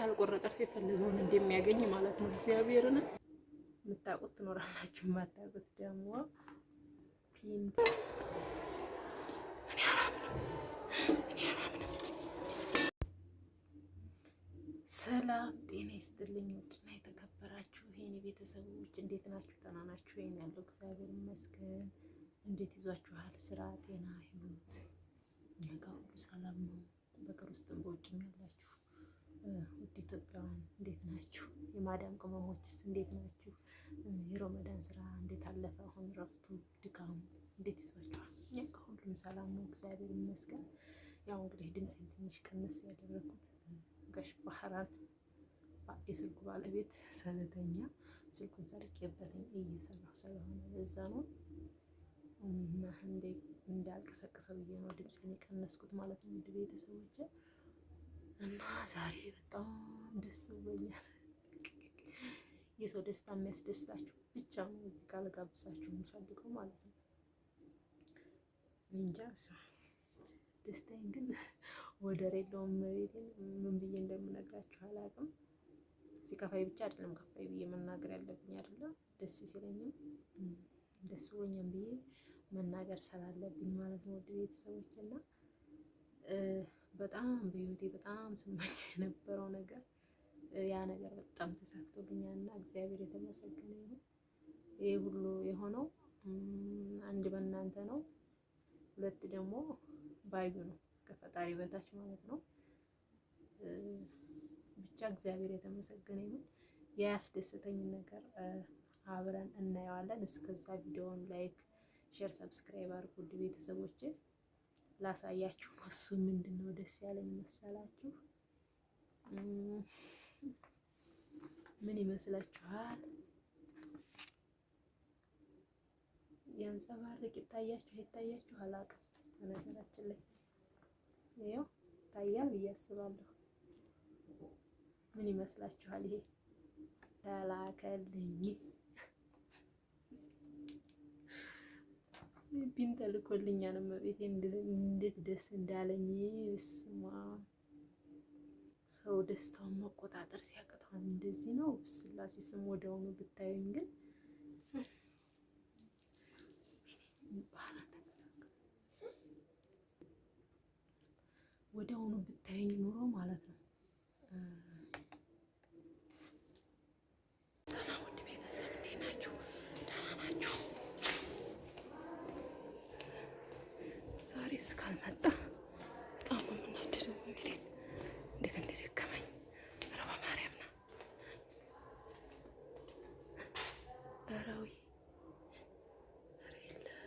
ያልቆረጠ ሰው የፈለገውን እንደሚያገኝ ማለት ነው። እግዚአብሔርን የምታውቁት ትኖራላችሁ፣ የማታውቁት ደግሞ ሰላም ጤና ይስጥልኝ። ውድና የተከበራችሁ የኔ ቤተሰቦች እንዴት ናችሁ? ደህና ናችሁ? ይሄን ያለው እግዚአብሔር ይመስገን። እንዴት ይዟችኋል? ስራ፣ ጤና፣ ህይወት? እኛ ሁሉ ሰላም ነው። በሀገር ውስጥም በውጭም ያላችሁ ውድ ኢትዮጵያውያን እንዴት ናችሁ? የማዳም ቅመሞችስ እንዴት ናችሁ? የሮመዳን ስራ እንዴት አለፈ? አሁን ረፍቱ ድካሙ እንዴት ይዟችኋል? እኛ ሁሉም ሰላም ነው፣ እግዚአብሔር ይመስገን። ያው እንግዲህ ድምፅን ትንሽ ቀነስ ያደረኩት ጋሽ ባህራን የስልኩ ባለቤት ሰለተኛ ስልኩን ሰርቄበትኝ እየሰራሁ ስለሆነ ለዛ ነው እና እንዳልቀሰቅሰው ብዬ ነው ድምፅን የቀነስኩት ማለት ነው ውድ ቤተሰቦቼ እና ዛሬ በጣም ደስ ብሎኛል። የሰው ደስታ የሚያስደስታችሁ ብቻ ነው እዚህ ጋር ልጋብዛችሁ የምፈልገው ማለት ነው። እንጃ ደስታዬን ግን ወደር የለውም። ቤቴን ምን ብዬ እንደምነግራችሁ አላውቅም። ሲከፋይ ብቻ አይደለም ከፋይ ብዬ መናገር ያለብኝ አይደለም ደስ ሲለኝም ደስ ብሎኛል ብዬ መናገር ስላለብኝ ማለት ነው። ወደ ቤተሰቦች እና በጣም በህይወቴ በጣም ስመኝ የነበረው ነገር ያ ነገር በጣም ተሳክቶልኛልና እና እግዚአብሔር የተመሰገነ ይሁን። ይህ ሁሉ የሆነው አንድ በእናንተ ነው፣ ሁለት ደግሞ ባዩ ነው፣ ከፈጣሪ በታች ማለት ነው። ብቻ እግዚአብሔር የተመሰገነ ይሁን። የያስደስተኝ ነገር አብረን እናየዋለን። እስከዛ ቪዲዮውን ላይክ፣ ሼር፣ ሰብስክራይብ አድርጉ ቤተሰቦቼ። ላሳያችሁ ነው። እሱ ምንድን ነው ደስ ያለኝ መሰላችሁ? ምን ይመስላችኋል? ያንጸባርቅ ይታያችሁ ይታያችሁ አላውቅም። በነገራችን ላይ ይኸው ይታያል ብዬ አስባለሁ። ምን ይመስላችኋል? ይሄ ተላከልኝ ቢም ተልኮልኛል። እመቤቴ እንዴት ደስ እንዳለኝ ስማ። ሰው ደስታውን መቆጣጠር ሲያቅተው እንደዚህ ነው። ስላሴ ስም ወደሆኑ ብታዩኝ ግን ወደሆኑ ብታዩኝ ኑሮ ማለት ነው እስካልመጣ በጣም ነው የምናደደው። ቤቴን እንዴት እንደደከመኝ ረባ ማርያም ና ረዊ የለም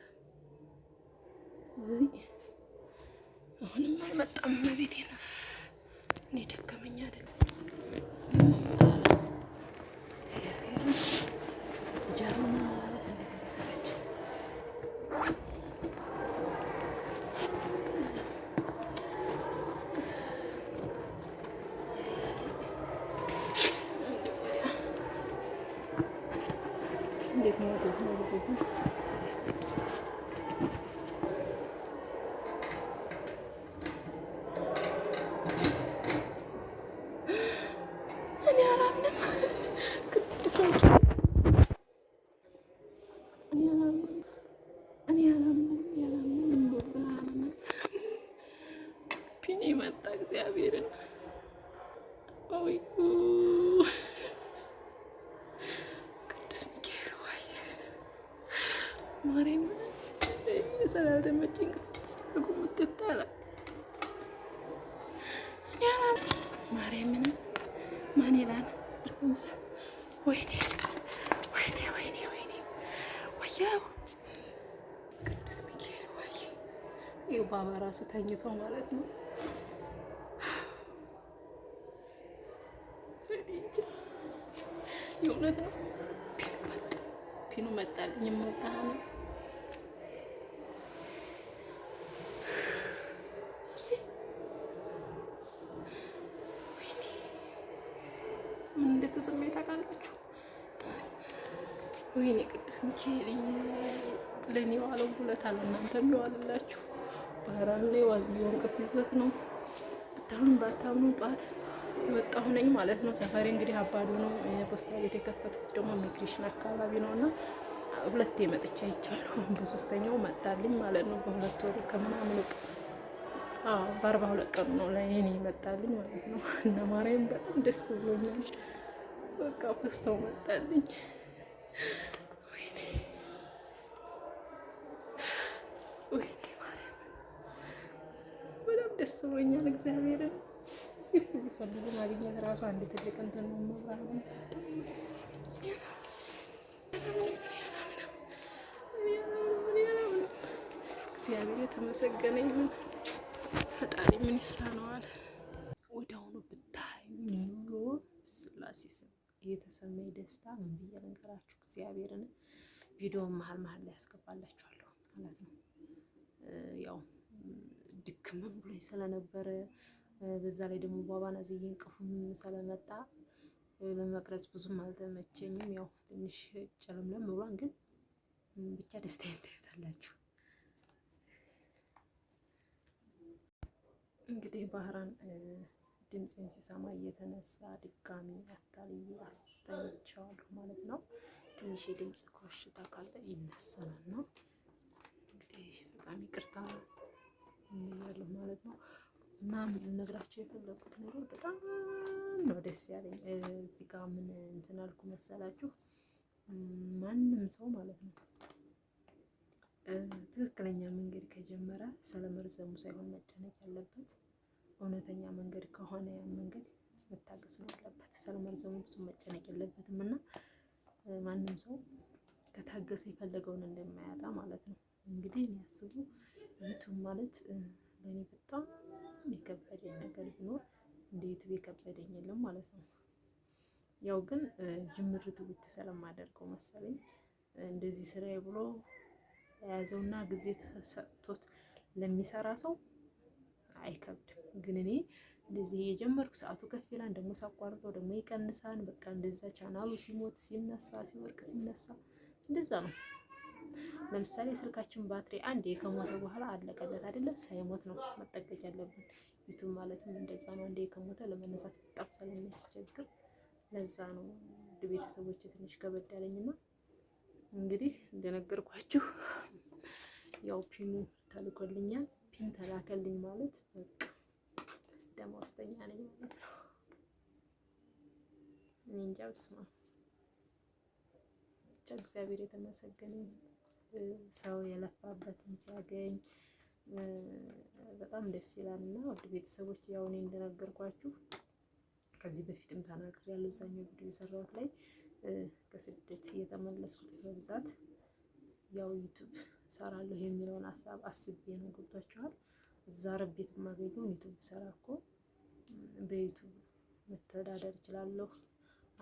አሁንም አልመጣም ቤቴ ነው 没事，没事。በአበባ ራሱ ተኝቶ ማለት ነው። የእውነት ፒኑ መጣልኝ መጣ ነው ወይኔ ቅዱስ ሚካኤል ለእኔ ዋለው ሁለት አለ እናንተ የሚዋልላችሁ ካሜራን ላይ ዋዝዬ ወንቅፍበት ነው ብታምን ባታምኑ ጧት የወጣሁ ነኝ ማለት ነው። ሰፈሪ እንግዲህ አባዶ ነው። የፖስታ ቤት የከፈትኩት ደግሞ ኢሚግሬሽን አካባቢ ነው እና ሁለቴ መጥቻ ይቻለሁ። በሶስተኛው መጣልኝ ማለት ነው። በሁለት ወር ከምናምን በአርባ ሁለት ቀኑ ነው ለእኔ መጣልኝ ማለት ነው። እና ማርያም በጣም ደስ ብሎኛል። በቃ ፖስታው መጣልኝ። ደስ ብሎኛል። እግዚአብሔርን እዚ ሁሉ ፈልጎ ማግኘት ራሱ አንድ ትልቅ እንትን ነው። መብራሁ እግዚአብሔር የተመሰገነ ይሁን። ፈጣሪ ምን ይሳነዋል? ወዲያውኑ ብታይ ልዩ ስላሴ ስም የተሰማኝ ደስታ ምን ብዬ ልንገራችሁ? እግዚአብሔርን ቪዲዮውን መሀል መሀል ላይ ያስገባላችኋለሁ ማለት ነው ያው ድክምም ብሎኝ ስለነበረ በዛ ላይ ደግሞ በባና ዘዬ እንቅፉም ስለመጣ ለመቅረጽ ብዙም አልተመቸኝም። ያው ትንሽ ጨለምለም ብሏን፣ ግን ብቻ ደስታዬን ታዩታላችሁ። እንግዲህ ባህራን ድምፅን ሲሰማ እየተነሳ ድጋሚ አታልዬ አስጠኝቸዋለሁ ማለት ነው። ትንሽ የድምፅ ኮሽታ ካለ ይነሳናል ነው እንግዲህ በጣም ይቅርታ ነው። ያለሁ ማለት ነው። እና ነግራቸው የፈለኩት ነገር በጣም ነው ደስ ያለኝ። እዚህ ጋር ምን እንትን አልኩ መሰላችሁ? ማንም ሰው ማለት ነው ትክክለኛ መንገድ ከጀመረ ስለመርዘሙ ሳይሆን መጨነቅ ያለበት እውነተኛ መንገድ ከሆነ ያን መንገድ መታገስ ነው ያለበት። ስለመርዘሙ ብዙ መጨነቅ የለበትም እና ማንም ሰው ከታገሰ የፈለገውን እንደማያጣ ማለት ነው። እንግዲህ ያስቡ። ዩቱብ ማለት ለእኔ በጣም የከበደኝ ነገር ቢኖር እንደ ዩቱብ የከበደኝ የለም ማለት ነው። ያው ግን ጅምርቱ ብት ስለማደርገው መሰለኝ እንደዚህ ስራ ብሎ የያዘውና ጊዜ ተሰጥቶት ለሚሰራ ሰው አይከብድም። ግን እኔ እንደዚህ የጀመርኩ ሰዓቱ ከፍ ይላል፣ ደግሞ ሳቋርጠው ደግሞ ይቀንሳል። በቃ እንደዛ ቻናሉ ሲሞት ሲነሳ ሲወርቅ ሲነሳ እንደዛ ነው። ለምሳሌ ስልካችን ባትሪ አንዴ ከሞተ በኋላ አለቀለት አይደለ? ሳይሞት ነው መጠቀቅ ያለብን። ዩቱብ ማለትም እንደዛ ነው። አንዴ ከሞተ ለመነሳት በጣም ስለሚያስቸግር ለዛ ነው ቤተሰቦች ትንሽ ከበድ ያለኝና እንግዲህ እንደነገርኳችሁ ያው ፒኑ ተልኮልኛል። ፒን ተላከልኝ ማለት በቃ ደሞዝተኛ ነኝ ማለት ነው። እኔ እንጃ ብስማ ብቻ እግዚአብሔር የተመሰገነ ይሁን። ሰው የለፋበትን ሲያገኝ በጣም ደስ ይላል እና ውድ ቤተሰቦች ያው እኔ እንደነገርኳችሁ ከዚህ በፊትም ተናግሬ ያለ እዛኛው ቪዲዮ የሰራሁት ላይ ከስደት እየተመለስኩት በብዛት ያው ዩቱብ ሰራለሁ የሚለውን ሀሳብ አስቤ ነው። ገብቷችኋል? እዛ ረቤት የማገኘውን ዩቱብ ሰራ እኮ በዩቱብ መተዳደር እችላለሁ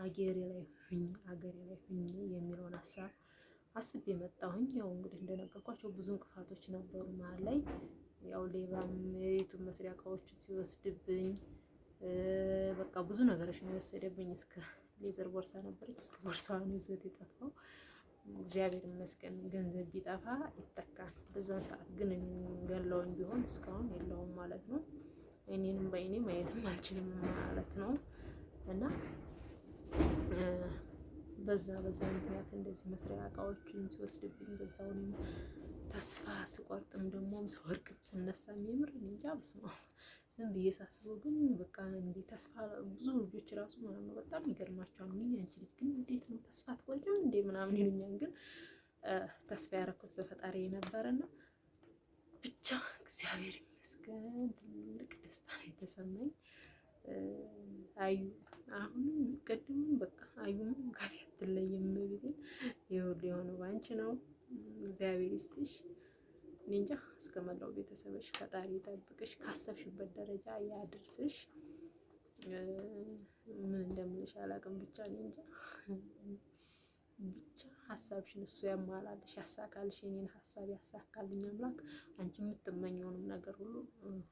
አገሬ ላይ ሁኝ አገሬ ላይ ሁኝ የሚለውን ሀሳብ አስቤ መጣሁኝ። ያው እንግዲህ እንደነገርኳቸው ብዙ እንቅፋቶች ነበሩ መሀል ላይ ያው ሌባም የቤቱን መስሪያ እቃዎችን ሲወስድብኝ በቃ ብዙ ነገሮች ነው የወሰደብኝ። እስከ ሌዘር ቦርሳ ነበረች እስከ ቦርሳዋን ይዞት የጠፋው። እግዚአብሔር ይመስገን ገንዘብ ቢጠፋ ይተካል። በዛን ሰዓት ግን ገለውኝ ቢሆን እስካሁን የለውም ማለት ነው። እኔንም በእኔ ማየትም አልችልም ማለት ነው እና በዛ በዛ ምክንያት እንደዚህ መስሪያ እቃዎችን ሲወስድብኝ በዛው እኔም ተስፋ ስቆርጥም ደግሞ ስወርቅም ስነሳ የምር እንጃ በስመ አብ ዝም ብዬ ሳስበው ግን በቃ እንዲህ ተስፋ ብዙ ልጆች ራሱ ምናምን ነው በጣም ይገርማቸዋል። ምን ያንቺ ልጅ ግን እንዴት ነው ተስፋ አትቆርጭም እንዴ ምናምን ይሉኛል። ግን ተስፋ ያረኩት በፈጣሪ የነበረ የነበረና ብቻ እግዚአብሔር ይመስገን ትልቅ ደስታ ነው የተሰማኝ። አዩ አሁንም ቅድሙም በቃ አዩም ጋር አትለይም። እንግዲህ የሁሉ የሆኑ ባንች ነው። እግዚአብሔር ይስጥሽ። እንጃ እስከመላው ቤተሰብሽ ፈጣሪ ይጠብቅሽ፣ ካሰብሽበት ደረጃ ያድርስሽ። ምን እንደምልሽ አላውቅም። ብቻ እንጃ ብቻ ሀሳብሽን እሱ ያሟላልሽ፣ ያሳካልሽ። የኔን ሀሳብ ያሳካልኝ አምላክ አንቺ የምትመኘውንም ነገር ሁሉ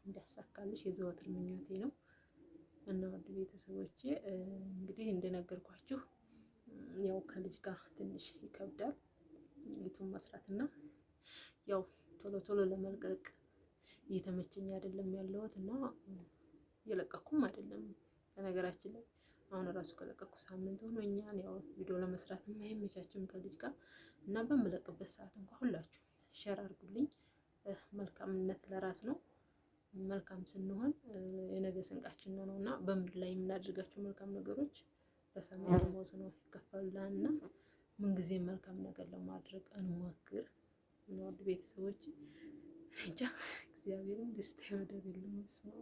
እንዲያሳካልሽ የዘወትር ምኞቴ ነው። እና ውድ ቤተሰቦቼ እንግዲህ እንደነገርኳችሁ ያው ከልጅ ጋር ትንሽ ይከብዳል ቤቱን መስራት እና ያው ቶሎ ቶሎ ለመልቀቅ እየተመቸኝ አይደለም ያለሁት እና እየለቀኩም አይደለም በነገራችን ላይ አሁን እራሱ ከለቀኩ ሳምንት ሆኖኛል። ያው ቪዲዮ ለመስራት አይመቻችም ከልጅ ጋር እና በምለቅበት ሰዓት እንኳ ሁላችሁ ሸር አድርጉልኝ። መልካምነት ለራስ ነው። መልካም ስንሆን የነገ ስንቃችን ነው እና በምድር ላይ የምናደርጋቸው መልካም ነገሮች በሰማይ ደሞዝ ነው ይከፈሉናል እና ምንጊዜ መልካም ነገር ለማድረግ እንሞክር። ውድ ቤተሰቦች እንጃ እግዚአብሔርን ደስታ ወደሌለው ስሙ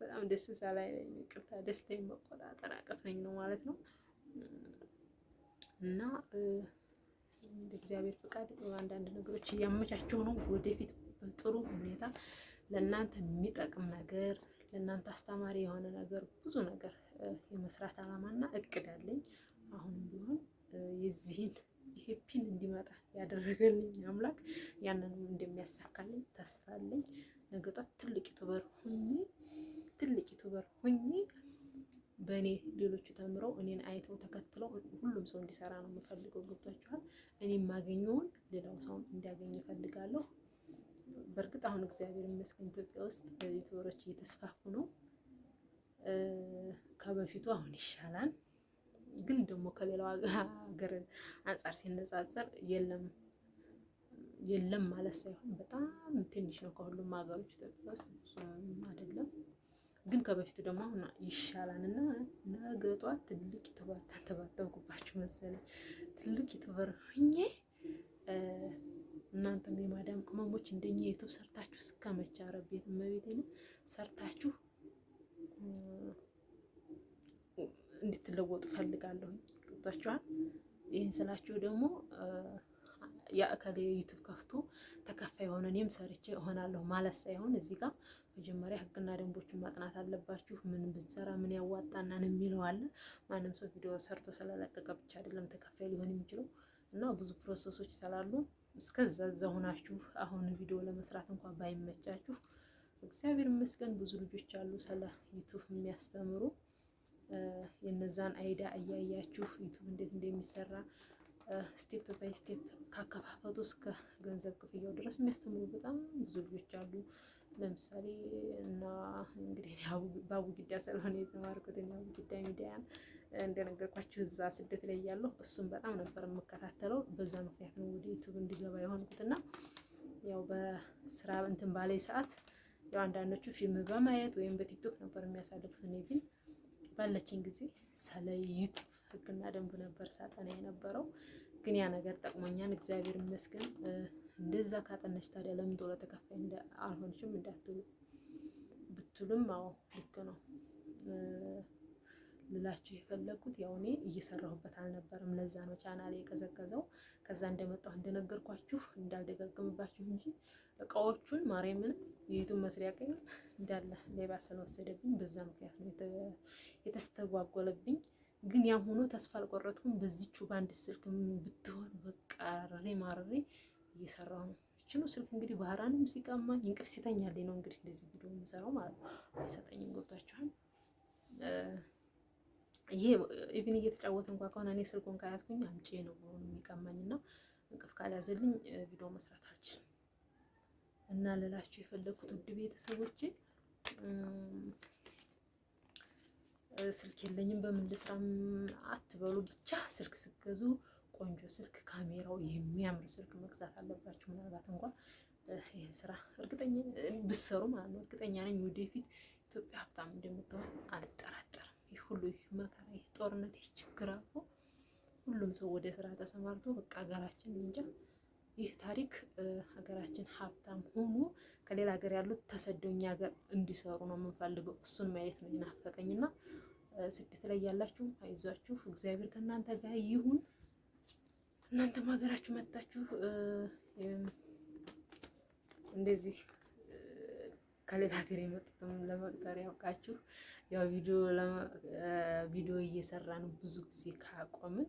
በጣም ደስ ሳላይ ነኝ። ይቅርታ ደስታዬን መቆጣጠር አቅቶኝ ነው ማለት ነው እና እንደ እግዚአብሔር ፈቃድ አንዳንድ ነገሮች እያመቻቸው ነው ወደፊት በጥሩ ሁኔታ ለእናንተ የሚጠቅም ነገር ለእናንተ አስተማሪ የሆነ ነገር ብዙ ነገር የመስራት አላማና እቅድ አለኝ። አሁንም ቢሆን የዚህን ይሄ ፒን እንዲመጣ ያደረገልኝ አምላክ ያንን እንደሚያሳካልኝ ተስፋ አለኝ። ነገ ጠዋት ትልቅ ዩቱበር ሁኜ ትልቅ ዩቱበር ሁኜ በእኔ ሌሎቹ ተምረው እኔን አይተው ተከትለው ሁሉም ሰው እንዲሰራ ነው የምፈልገው። ገብቷችኋል? እኔ የማገኘውን ሌላው ሰውን እንዲያገኝ ይፈልጋለሁ። በእርግጥ አሁን እግዚአብሔር ይመስገን ኢትዮጵያ ውስጥ ዩቲዩበሮች እየተስፋፉ ነው። ከበፊቱ አሁን ይሻላል፣ ግን ደግሞ ከሌላው ሀገር አንጻር ሲነጻጸር የለም የለም ማለት ሳይሆን በጣም ትንሽ ነው። ከሁሉም ሀገሮች ኢትዮጵያ ውስጥ አይደለም፣ ግን ከበፊቱ ደግሞ አሁን ይሻላል እና ነገ ጧት ትልቅ ዩቲዩበር ተንተባተብኩባችሁ መሰለኝ ትልቅ ዩቲዩበር እናንተም የማዳም ቅመሞች እንደኛ ዩቱብ ሰርታችሁ እስከመቼ ቤት መቤቴን ሰርታችሁ እንድትለወጡ ፈልጋለሁ። ገብቷችኋል? ይህን ስላችሁ ደግሞ የአካል ዩቱብ ከፍቶ ተከፋይ የሆነ እኔም ሰርቼ እሆናለሁ ማለት ሳይሆን እዚህ ጋር መጀመሪያ ህግና ደንቦችን ማጥናት አለባችሁ። ምን ብንሰራ ምን ያዋጣናን የሚለው አለ። ማንም ሰው ቪዲዮ ሰርቶ ስለለቀቀ ብቻ አይደለም ተከፋይ ሊሆን የሚችለው እና ብዙ ፕሮሰሶች ስላሉ እስከዛ እዛ ሆናችሁ አሁን ቪዲዮ ለመስራት እንኳን ባይመቻችሁ እግዚአብሔር ይመስገን ብዙ ልጆች አሉ ስለ ዩቱብ የሚያስተምሩ የነዛን አይዳ እያያችሁ ዩቱብ እንዴት እንደሚሰራ ስቴፕ ባይ ስቴፕ ካከፋፈቱ እስከ ገንዘብ ክፍያው ድረስ የሚያስተምሩ በጣም ብዙ ልጆች አሉ። ለምሳሌ እና እንግዲህ በአቡጊዳ ስለሆነ የተማርኩት አቡጊዳ ሚዲያ እንደነገርኳችሁ እዛ ስደት ላይ እያለሁ እሱም በጣም ነበር የምከታተለው። በዛ ምክንያት ነው ወደ ዩቱብ እንዲገባ የሆንኩትና ያው በስራ እንትን ባላይ ሰዓት ያው አንዳንዶቹ ፊልም በማየት ወይም በቲክቶክ ነበር የሚያሳልፉት። እኔ ግን ባለችኝ ጊዜ ስለ ዩቱብ ህግና ደንብ ነበር ሳጠና የነበረው። ግን ያ ነገር ጠቅሞኛል፣ እግዚአብሔር ይመስገን። እንደዛ ካጠነች ታዲያ ለምን ዶሮ ተከፋይ አልሆንሽም እንዳትሉ ብትሉም፣ አዎ ልክ ነው ልላችሁ የፈለግኩት ያው እኔ እየሰራሁበት አልነበረም። ለዛ ነው ቻናሌ የቀዘቀዘው። ከዛ እንደመጣሁ እንደነገርኳችሁ እንዳልደጋግምባችሁ እንጂ እቃዎቹን ማርያምን የዩቱብ መስሪያ ቀኝ እንዳለ ሌባ ስለወሰደብኝ በዛ ምክንያት ነው የተስተጓጎለብኝ። ግን ያም ሆኖ ተስፋ አልቆረጥኩም። በዚቹ በአንድ ስልክ ብትሆን በቃ ሬ ማርሬ እየሰራው ነው። ይችኑ ስልክ እንግዲህ ባህራንም ሲቀማኝ እንቅፍ ሲተኛልኝ ነው እንግዲህ እንደዚህ ቪዲዮ የምሰራው ማለት ነው። አይሰጠኝም። ገብቷችኋል? ይሄ ኢቭን እየተጫወተ እንኳ ከሆነ እኔ ስልኩን ካያዝኩኝ አምጪ ነው ብሆን የሚቀማኝ እና እንቅፍ ካልያዘልኝ ቪዲዮ መስራት አልችልም። እና ልላችሁ የፈለግኩት ውድ ቤተሰቦቼ ስልክ የለኝም በምን ልስራም አትበሉ። ብቻ ስልክ ስገዙ ቆንጆ ስልክ ካሜራው የሚያምር ስልክ መግዛት አለባችሁ። ምናልባት እንኳን ይህን ስራ እርግጠኛ ብሰሩ ማለት ነው። እርግጠኛ ነኝ ወደፊት ኢትዮጵያ ሀብታም እንደምትሆን አልጠራጠርም። ይህ ሁሉ ይህ መከራ፣ ይህ ጦርነት፣ ይህ ችግር አልፎ ሁሉም ሰው ወደ ስራ ተሰማርቶ በቃ ሀገራችን እንጃ ይህ ታሪክ ሀገራችን ሀብታም ሆኖ ከሌላ ሀገር ያሉት ተሰደኛ ሀገር እንዲሰሩ ነው የምንፈልገው። እሱን ማየት ነው ይናፈቀኝና ስደት ላይ ያላችሁ አይዟችሁ፣ እግዚአብሔር ከእናንተ ጋር ይሁን። እናንተም ሀገራችሁ መጥታችሁ እንደዚህ ከሌላ ሀገር የመጡትም ለመቅጠር ያውቃችሁ። ያው ቪዲዮ እየሰራን ብዙ ጊዜ ካቆምን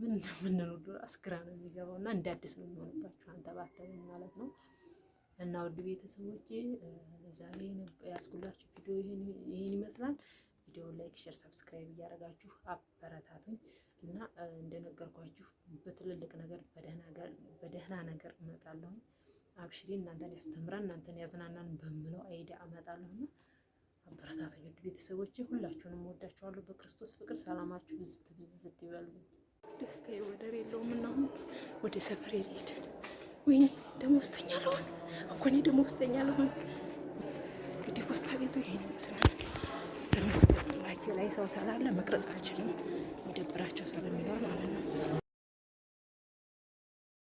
ምን እንደምንሉ ውድ አስግራ ነው የሚገባው እና እንደ አዲስ ነው የሚሆንባችሁ አንተባተብን ማለት ነው። እና ውድ ቤተሰቦቼ ለዛሬ ያስኩላችሁ ቪዲዮ ይህን ይመስላል። ቪዲዮ ላይክ፣ ሸር፣ ሰብስክራይብ እያደረጋችሁ አበረታቱኝ። እና እንደነገርኳችሁ በትልልቅ ነገር በደህና ነገር እመጣለሁ። አብሽሪ እናንተን ያስተምራል እናንተን ያዝናናን በምለው አይዳ እመጣለሁ እና አበረታቶች ውድ ቤተሰቦቼ ሁላችሁንም ወዳችኋለሁ። በክርስቶስ ፍቅር ሰላማችሁ ብዝት ብዝት ይበሉ። ደስታዬ ወደር የለውም እና አሁን ወደ ሰፈር ወይ ደግሞ ደሞዝተኛ ለሆን እኮ ደግሞ ደሞዝተኛ ለሆን እንግዲህ ፖስታ ቤቱ ይሄን ይመስላል። ተመስገን ላይ ሰው ስላለ መቅረጽ አልችልም። የሚደብራቸው ስለሚኖር ማለት ነው።